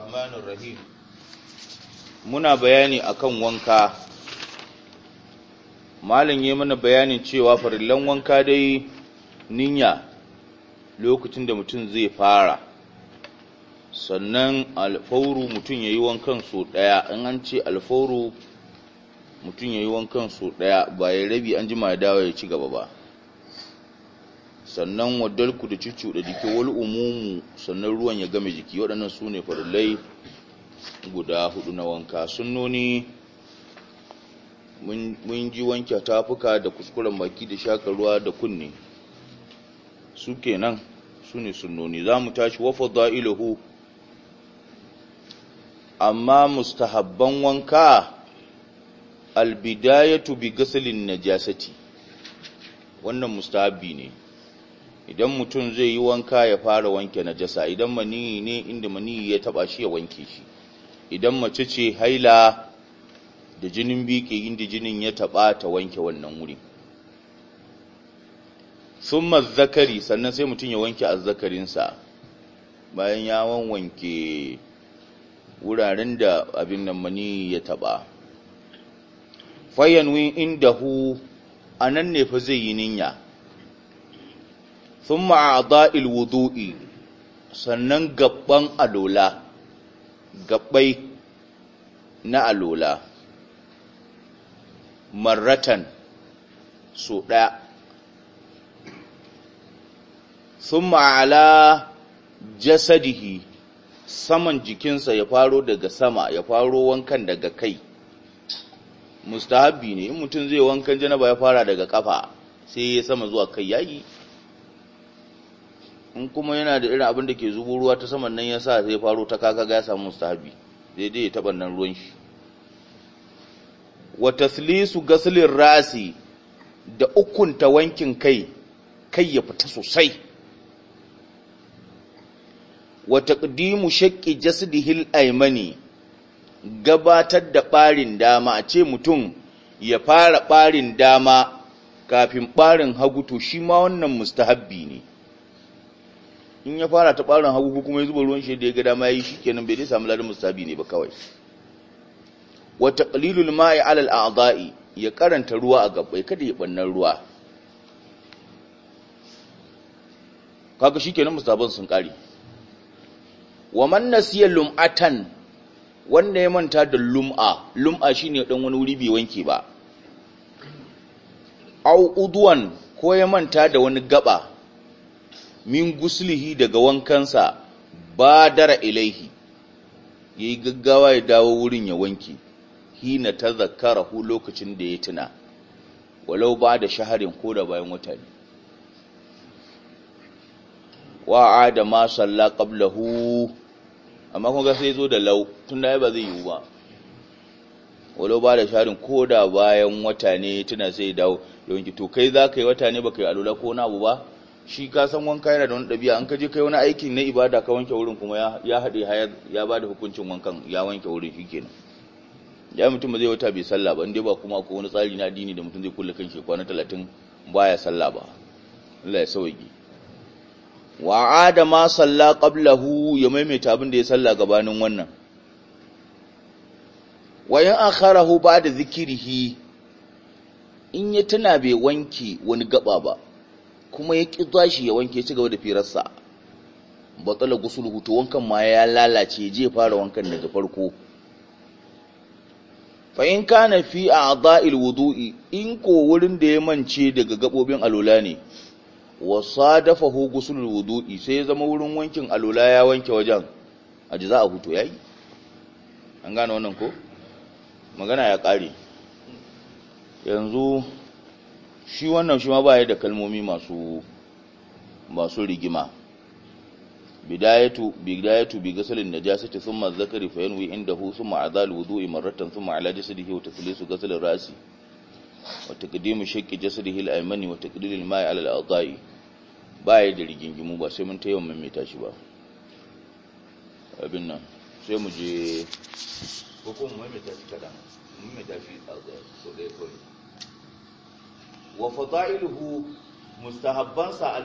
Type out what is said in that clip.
rahmanir rahim muna bayani akan wanka malam yi mana bayanin cewa farillan wanka dai niyya lokacin da mutum zai fara sannan alfauru mutum yi wankan so ɗaya. in an ce alfauru mutum yi wankan so ɗaya, ba ya rabi an jima dawo ya ci gaba ba sannan wadalku da da jiki wani umumu sannan ruwan ya game jiki waɗannan su ne farillai guda hudu na wanka Sun noni mun ji wanke tafuka da kuskuren baki da shakar ruwa da kunne su kenan su ne noni za mu tashi wafa za'ilahu amma mustahabban wanka albidayatu bi gasalin najasati wannan mustahabbi ne idan mutum zai yi wanka ya fara wanke najasa idan maniyi ne inda maniyi ya taba shi ya wanke shi idan mace ce haila da jinin biƙe inda jinin ya taba ta wanke wannan wuri summa zakari sannan sai mutum ya wanke azzakarinsa bayan ya wanke wuraren da abin nan maniyi ya taba fayanwi indahu anan ne fa zai yi ninya thumma a'dha'il wudu'i sannan gabban alola gabbai na alola marratan su ɗaya Sun ala jasadihi saman jikinsa ya faro daga sama ya faro wankan daga kai mustahabi ne in mutum zai wankan janaba ya fara daga kafa sai ya sama zuwa kai yayi in kuma yana da irin abin da ke zubo ruwa ta saman nan ya sa zai faro ta kaka ga ya samu mustahabi daidai ya taɓa nan ruwan shi wa taslisu gaslin rasi da ukunta wankin kai kai ya fita sosai wa taqdimu shaqqi al aymani gabatar da ɓarin dama a ce mutum ya fara ɓarin dama kafin ɓarin hagu to shi ma wannan mustahabbi ne in ya fara ta ɓarin hagu ko kuma ya zuba ruwan shi da ya ga dama yayi shikenan bai dai samu ladan mustabi ne ba kawai wa taqlilul ma'i alal a adhai ya karanta ruwa a gabai kada ya bannan ruwa kaga shikenan mustaban sun kare wa man nasiya lum'atan wanda ya manta da lum'a lum'a shine dan wani wuri bai wanke ba au udwan ko ya manta da wani gaba min guslihi daga wankansa dara ilaihi yi gaggawa ya dawo wurin ya wanke hina hu lokacin da ya tuna walau ba da shaharin ko da bayan wata ne wa adama salla hu, amma kun ga sai zo da lau tun da ba zai yiwu ba walau ba da shaharin ko da bayan wata ne tuna sai dawo ya wanke to kai za ka yi wata ne ka yi alula ko na abu ba shi ka san wanka yana da wani ɗabi'a an ka kai wani aikin na ibada ka wanke wurin kuma ya haɗe ya ba da hukuncin wankan ya wanke wurin shi kenan ya mutum ba zai wata bai sallah ba inda ba kuma ko wani tsari na addini da mutum zai kulle kan shi kwana talatin baya sallah ba Allah ya sauki wa adama salla qablahu ya maimaita abin da ya salla gabanin wannan wa in akharahu da zikrihi in ya tuna bai wanke wani gaba ba kuma ya ƙi tashi ya wanke ci gaba da firarsa batsala gusul hutu wankan ma ya lalace je fara wankan daga farko fa in kana fi a'dha'il wudu'i in ko wurin da ya mance daga gabobin alula ne wa sadafahu gusul wudu'i sai ya zama wurin wankin alula ya wanke wajen ajza a hutu yayi an gane wannan ko magana ya kare yanzu shi wannan shi ma baya da kalmomi masu masu rigima bidayatu bidayatu bi ghaslin najasati thumma zakari fa yanwi indahu thumma adal wudu'i marratan thumma ala jasadihi wa taslisu ghasl ra'si wa taqdimu shaqqi jasadihi al-aymani wa taqdil al-ma'i ala al-a'dha'i baya da rigingimu ba sai mun ta yawan maimaita shi ba abin nan sai mu je ko kuma shi kada maimaita shi a so da ya وفضائله مستحبا سعد